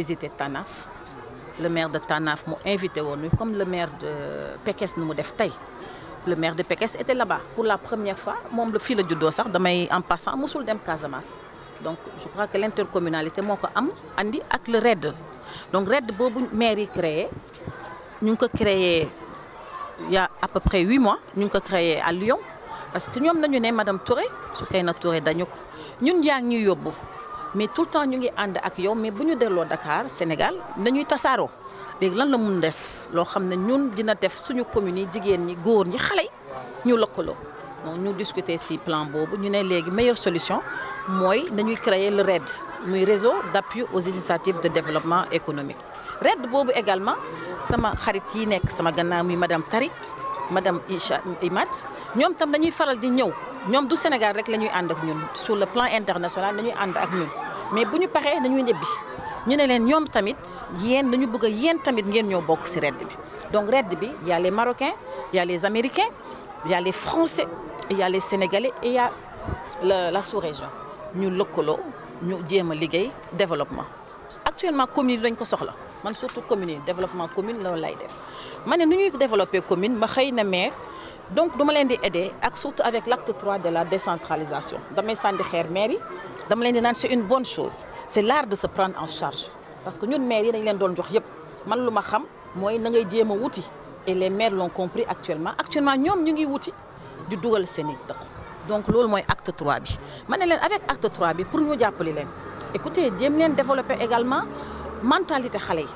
visité Tanaf le maire de Tanaf mu invité woon comme le maire de Pekes nu mu def tey le maire de Pekes était là-bas pour la première fois moom la fii la juddoo sax damay en passant musul dem Casamance donc je crois que l'intercommunalité moo ko am andi ak le RED donc RED boobu maire yi créé ñu ngi ko créé il y a à peu près huit mois ñu ngi ko créé à Lyon parce que ñoom nañu ne madame Touré Soukeyna Touré dañu ko ñun yaa ngi ñuy mais tout le temps ñu ngi ànd ak yow mais bu ñu delloo Dakar Sénégal nañuy tasaaroo léegi lan la mun def loo xam ne ñun dina def suñu communes yi jigéen ñi góor ñi xale ñu lëkkaloo donc ñu discuter ci plan boobu ñu ne léegi meilleure solution mooy nañuy créer le RED muy réseau d'appui aux initiatives de développement économique. RED boobu également sama xarit yi nekk sama gannaaw muy madame Tari madame Isha Imad ñoom tam dañuy faral di ñëw ñoom du Sénégal rek la ñuy ànd ak ñun sur le plan international dañuy ànd ak ñun. mais bu ñu paree dañuy ñibbi ñu ne leen ñoom tamit yéen dañu bëgg a yéen tamit ngeen ñoo bokk si redd bi donc red bi y a les américain y a les Américains y a Français y Sénégalais et la la sous-région ñu lëkkaloo ñu jéem a liggéey développement. actuellement commune yi dañ ko soxla man surtout commune yi développement commune loolu lay def ma ne nu ñuy développer commune ma xëy na maire. donc duma leen di aider ak surtout l' acte 3 de la décentralisation damay sànni xeer maire dama leen di naan c' une bonne chose c' est l'art de se prendre en charge parce que ñun maire yi leen doon jox yëpp man a ma xam mooy na ngay jéem wuti et les maires l'ont compris actuellement actuellement ñoom ñu ngiy wuti di dugal seen i donc loolu mooy acte 3 bi ma ne leen avec acte 3 bi pour ñu jàppali leen écoutez jéem leen développer également mentalité xale yi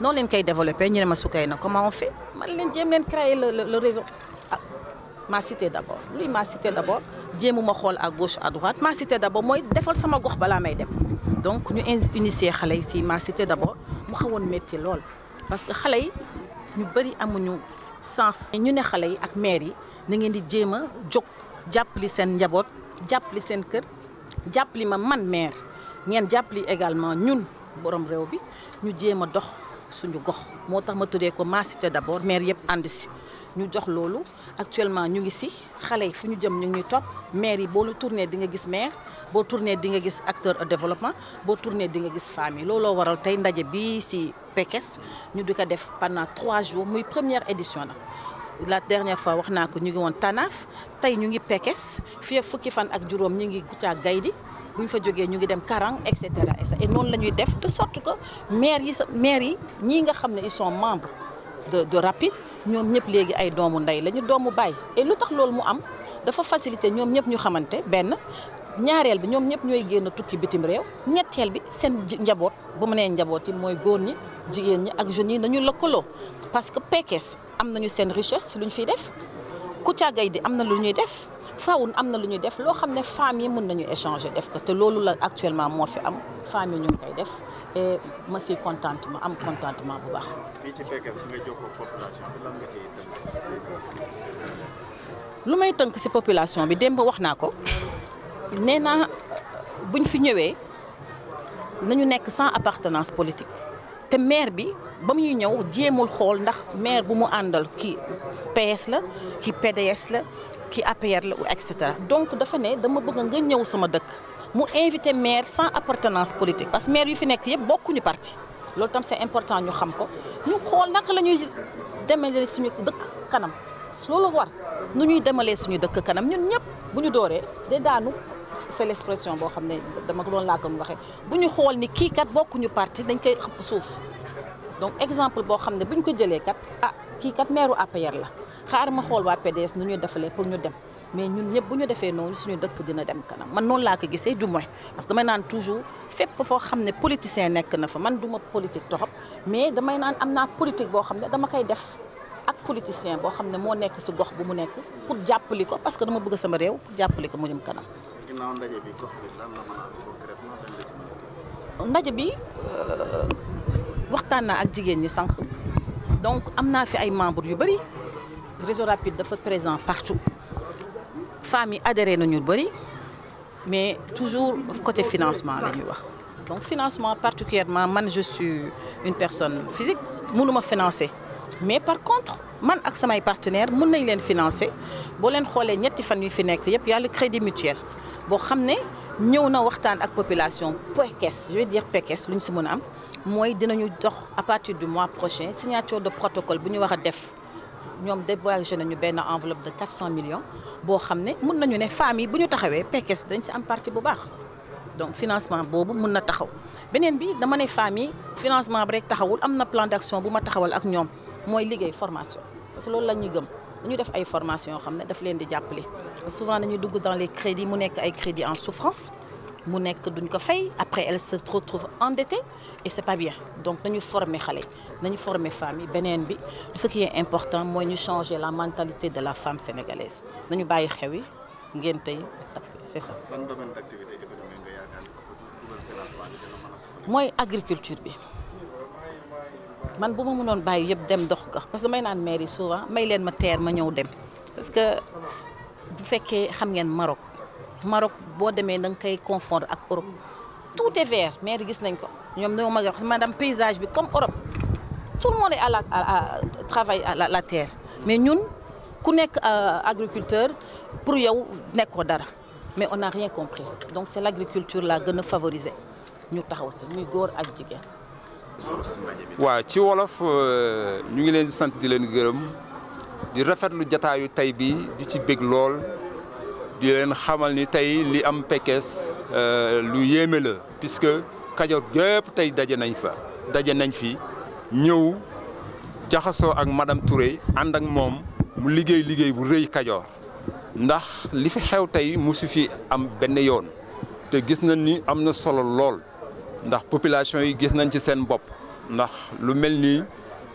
noonu leen koy développer ñu ma su kay na comment on fait man leen jéem leen ma cité d' abord luy ma cité d' abord ma xool à gauche à droite ma cité mooy defal sama gox balaa may dem donc ñu initier xale yi si ma cité d' abord mu xawoon métti lool parce que xale yi ñu bëri amuñu sens. ñu ne xale yi ak meer yi na ngeen di jéem a jóg jàppali seen njaboot jàppali seen kër jàppali ma man maire ngeen jàppali également ñun borom réew bi ñu jéem a dox suñu gox moo tax ma tuddee ko ma cité d' abord maire yëpp ànd si. ñu jox loolu actuellement ñu ngi si xale yi fu ñu jëm ñu ngi ñuy topp maire yi boo lu tourné di nga gis maire boo tourné di nga gis acteur au développement boo tourné dinga gis femmes yi looloo waral tey ndaje bi si Pekes ñu di ko def pendant trois jours muy première édition la. la dernière fois wax naa ko ñu ngi woon Tanaaf tey ñu ngi Pekes fii ak fukki fan ak juróom ñu ngi Gouta Gaydi bu ñu fa jógee ñu ngi dem Karang et cetera et noonu la ñuy def de sorte que maire yi sa maire yi ñii nga xam ne ils sont de de rapide ñoom ñëpp léegi ay doomu ndey lañu doomu baay et lu tax loolu mu am dafa facilité ñoom ñëpp ñu xamante benn ñaareel bi ñoom ñëpp ñooy génn tukki bitim réew ñetteel bi seen njaboot bu mu nee njaboot yi mooy góor ñi jigéen ñi ak jeunes yi nañu lëkkaloo parce que Pekes am nañu seen richesse luñ fiy def. Kouthia Gaye di am na lu ñuy def Fawoun am na lu ñuy def loo xam ne femmes yi mën nañu échanger def ko te loolu la actuellement moo fi am femmes yi ñu ngi koy def et ma si contentement am contentement bu baax. fii lu may tënk si population bi démb wax naa ko nee naa buñ fi ñëwee nañu nekk sans appartenance politique te maire bi. ba muy ñëw jéemul xool ndax maire bu mu àndal ki PS la ki PDS la ki APR la et cetera donc dafa ne dama bëgg nga ñëw sama dëkk mu invité maire sans appartenance politique parce que maire yu fi nekk yëpp bokkuñu parti loolu tam c'est important ñu xam ko ñu xool nag la ñuy demalee suñu dëkk kanam loolu war nu ñuy demalee suñu dëkk kanam ñun ñëpp bu ñu dooree day daanu c'est l'expression boo xam ne dama ko doon laa ko waxee bu ñu xool ni kii kat bokkuñu parti dañ koy suuf donc exemple boo xam ne bu ñu ko jëlee kat ah kii kat meeru APR la xaar ma xool waa PDS nu ñuy defalee pour ñu dem mais ñun ñëpp bu ñu defee noonu suñu dëkk dina dem kanam man noonu laa ko gisee du moins parce que damay naan toujours fépp foo xam ne nekk na fa man du ma politique trop mais damay naan am naa politique boo xam ne dama koy def ak politicien boo xam ne moo nekk si gox bu mu nekk pour jàppali ko parce que dama bëgg sama réew pour jàppali ko mu jëm kanam. ginnaaw ndaje ndaje bi. Euh, waxtaan naa ak jigéen ñi sànq donc am naa fi ay membres yu bëri réseau rapide dafa présent partout femmes yi adhéré nañu bëri mais toujours côté financement la ñuy wax donc financement particulièrement man je suis une personne physique mënuma financer mais par contre man ak samay partenaire mën nañ leen financé boo leen xoolee ñetti fan yu fi nekk yëpp yàlla crédit mutuel boo xam ne ñëw na waxtaan ak population PECES je veux dire PECES lu ñu si mën a am mooy dinañu dox à partir du mois prochain signature de protocole bu ñu wax a def ñoom dédommagé nañu benn enveloppe de 400 millions boo xam ne mën nañu ne femmes bu ñu taxawee PECES dañ si am parti bu baax. donc financement boobu mun na taxaw beneen bi dama ne femmes yi financement bi rek taxawul am na plan d'action bu ma taxawal ak ñoom. mooy liggéey formation parce que loolu la ñuy gëm dañu def ay formation yoo xam ne daf leen di jàppale souvent dañuy dugg dans les crédit mu nekk ay crédits en souffrance mu nekk duñ ko fay après elle se retrouve endettée et c'est pas bien donc nañu former xale yi nañu former femmes beneen bi ce qui est important mooy ñu changer la mentalité de la femme sénégalaise nañu bàyyi xew yi ngeen tey ak takk mooy agriculture bi. man bu ma mënoon bàyyi yëpp dem dox ko parce que may naan maire souvent may leen ma teer ma ñëw dem parce que bu fekkee xam ngeen Maroc Maroc boo demee da nga koy confondre ak Europe tout est vert maire gis nañ ko ñoom ñoo mag wax maanaam paysage bi comme Europe tout le monde est à la terre mais ñun ku nekk euh, agriculteur pour yow nekkoo dara mais on n'a rien compris donc c'est l'agriculture la gën a favoriser ñu taxaw si muy góor ak jigéen waaw ci wolof euh, ñu ngi leen di sant di leen gërëm di rafetlu jataayu tey bi di ci bég lool di leen xamal ni tey li am Pekes euh, lu yéeme la puisque Kajoor gépp tey daje nañ fa daje nañ fi ñëw jaxasoo ak madame Touré ànd ak moom mu liggéey liggéey bu rëy Kajoor ndax li fi xew tey musu fi am benn yoon te gis nañ ni am na solo lool ndax population yi gis nañ ci seen bopp ndax lu mel ni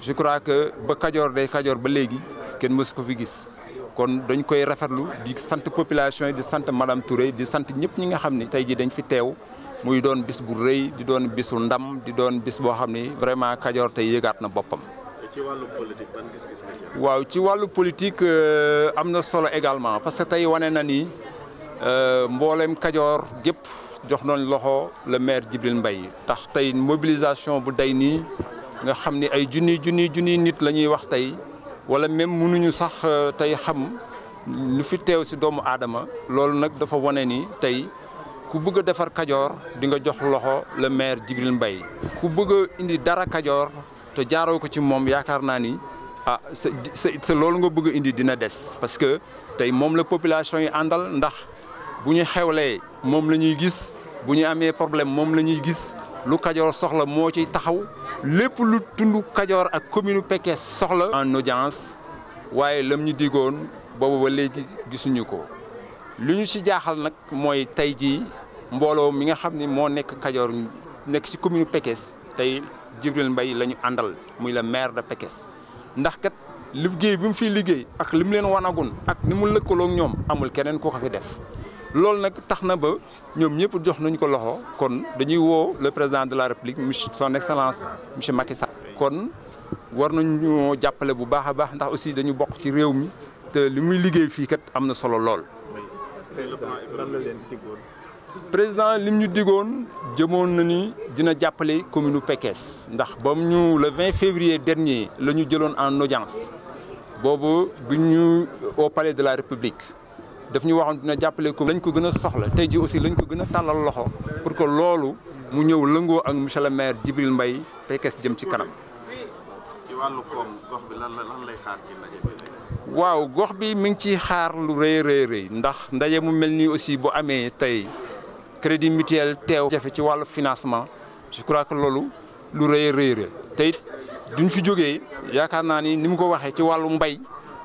je crois que ba kajoor day kajoor ba léegi kenn mësu ko fi gis kon dañ koy rafetlu di sant population yi di sant madame Touré di sant ñëpp ñi nga xam ni tey jii dañ fi teew muy doon bis bu rëy di doon bisu ndam di doon bis boo xam ni vraiment kajoor tey yëgaat na boppam. ci wàllu ci waaw ci wàllu politique euh, am na solo également parce que tey wane na ni euh, mboolem kajoor gépp jox noonu loxo le maire Djibril Mbaye tax tey mobilisation bu day nii nga xam ni ay junni junni junni nit la ñuy wax tey wala même mënuñu sax euh, tey xam lu fi teew si doomu aadama loolu nag dafa wane nii tey ku bëgg defar kajoor di nga jox loxo le maire Djibril mbay ku bëgg indi dara kajoor te jaaroo ko ci moom yaakaar naa ni ah loolu nga bëgg indi dina des parce que tey moom la population yi àndal ndax bu ñu xewlee moom la ñuy gis bu ñu amee problème moom la ñuy gis lu Kajoor soxla moo ciy taxaw lépp lu tund Kajoor ak commune Pekes soxla. en audience waaye lam ñu digoon boobu ba léegi gisuñu ko li ñu ci jaaxal nag mooy tey jii mbooloo mi nga xam ni moo nekk Kajoor nekk ci commune Pekes tey Djibril mbay la ñu àndal muy le maire de Pekes ndax kat liggéey bi mu fiy liggéey ak li mu leen wanagun ak ni mu lëkkaloo ñoom amul keneen ku ko fi def. loolu nag tax na ba ñoom ñëpp jox nañu ko loxo kon dañuy woo le président de la république monsieur son excellence monsieur Macky Sall. kon war nañu jàppale bu baax a baax ndax aussi dañu bokk ci réew mi te li muy liggéey fii kat am na solo lool. président lim ñu digoon jëmoon na ni dina jàppale commune Pekes ndax bam ñu le 20 février dernier la ñu jëloon en audience boobu bu ñu au palais de la république. daf ñu waxoon dina jàppale ko lañ ko gën a soxla tey ji aussi lañ ko gën a tàllal loxo pour que loolu mu ñëw lëngoo ak monsieur le maire Djibril mbay Pekes jëm ci kanam. ci gox bi lan lay xaar ci waaw gox bi mi ngi ciy xaar lu rëy rëy rëy ndax ndaje mu mel nii aussi bu amee tey crédit mutuel teew jafe ci wàllu financement je crois que loolu lu rëy rëy rëy tey duñ fi jógee yaakaar naa ni ni mu ko waxee ci wàllu mbay.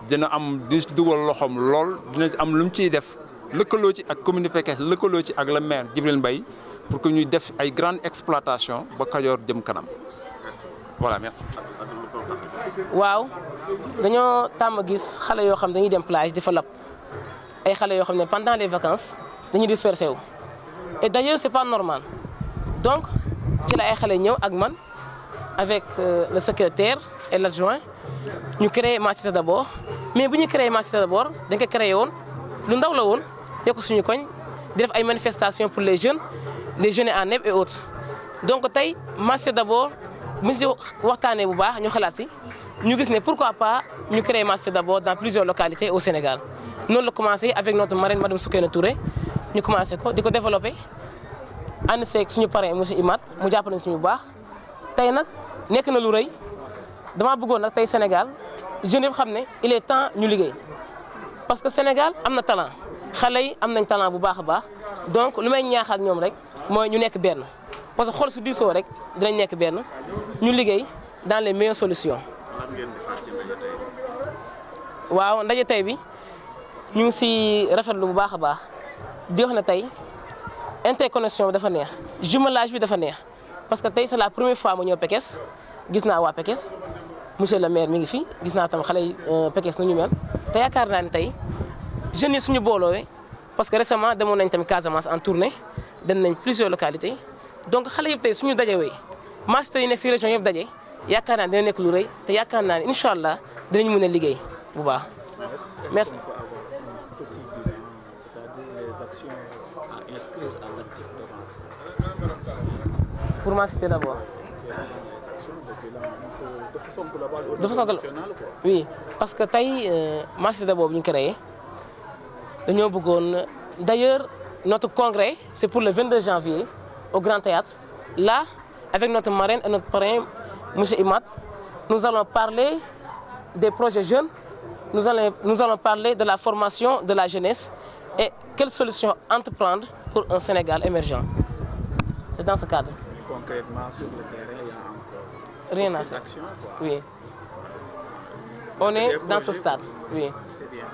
dina am dina ci dugal loxoom lool dina ci am lu mu ciy def lëkkaloo ci ak commune Pekes lëkkaloo ci ak le maire Djibril Mbaye pour que ñuy def ay grande exploitation ba Kajoor jëm kanam voilà waaw dañoo tàmm gis xale yoo xam dañuy dem plage di ay xale yoo xam ne pendant les vacances dañuy dispersé wu et d'ailleurs c'est pas normal donc ci la ay xale ñëw ak man. avec euh, le secrétaire et l'adjoint ñu créé Ma Cité d'abord mais bu ñu créé Ma Cité d'abord dañ ko créé woon lu ndaw la woon yokk suñu koñ di def ay manifestation pour les jeunes des jeunes en neb et autres donc tey Ma Cité d'abord mu si waxtaanee bu baax ñu xalaat si ñu gis ne pourquoi pas ñu créer Ma Cité d'abord dans plusieurs localités au Sénégal noon la commencé avec notre marraine madame Soukeyna Touré ñu commencé ko di ko développé ànd se suñu parrain monsieur Imat mu jàppale suñu bu baax tey nag nekk na lu rey damaa bëggoon nag tey Sénégal jeunes yëpp xam ne il est temps ñu liggéey parce que Sénégal am na talant xale yi am nañ talant bu baax a baax donc lu may ñaaxal ñoom rek mooy ñu nekk benn parce que xool su diisoo rek dinañ nekk benn ñu liggéey dans les meilleures solutions. waaw ndaje tey bi ñu ngi si rafetlu bu baax a baax di na tey interconnexion bi dafa neex jumelage bi dafa neex. parce que tey c'est la première fois ma ñëw Pekes gis naa waa Pekes monsieur le maire mi ngi fi gis naa tam xale yi euh, Pekes nu ñu mel te yaakaar naa ne tey jeunes yi suñu booloo parce que récemment demoon nañ tamit Casamance en tournée dem nañ plusieurs localité donc xale yëpp tey suñu dajewee master yi nekk si région yëpp daje yaakaar naa dina nekk lu rey te yaakaar naa ne incha allah dinañ mën a liggéey bu baax. pour moi, c'était d'abord. De parce que tey euh, Masida boobu ñu créé dañoo bëggoon d' ailleurs notre congrès c' est pour le 22 janvier au Grand Théâtre là avec notre marraine et notre parrain monsieur Imad nous allons parler des projets jeunes nous allons nous allons parler de la formation de la jeunesse et quelles solutions entreprendre pour un Sénégal émergent c' dans ce cadre. Concrètement, sur le terrain, il y a encore rien à faire. Action, quoi. Oui. On est, est dans projets, ce stade. Oui. C'est bien.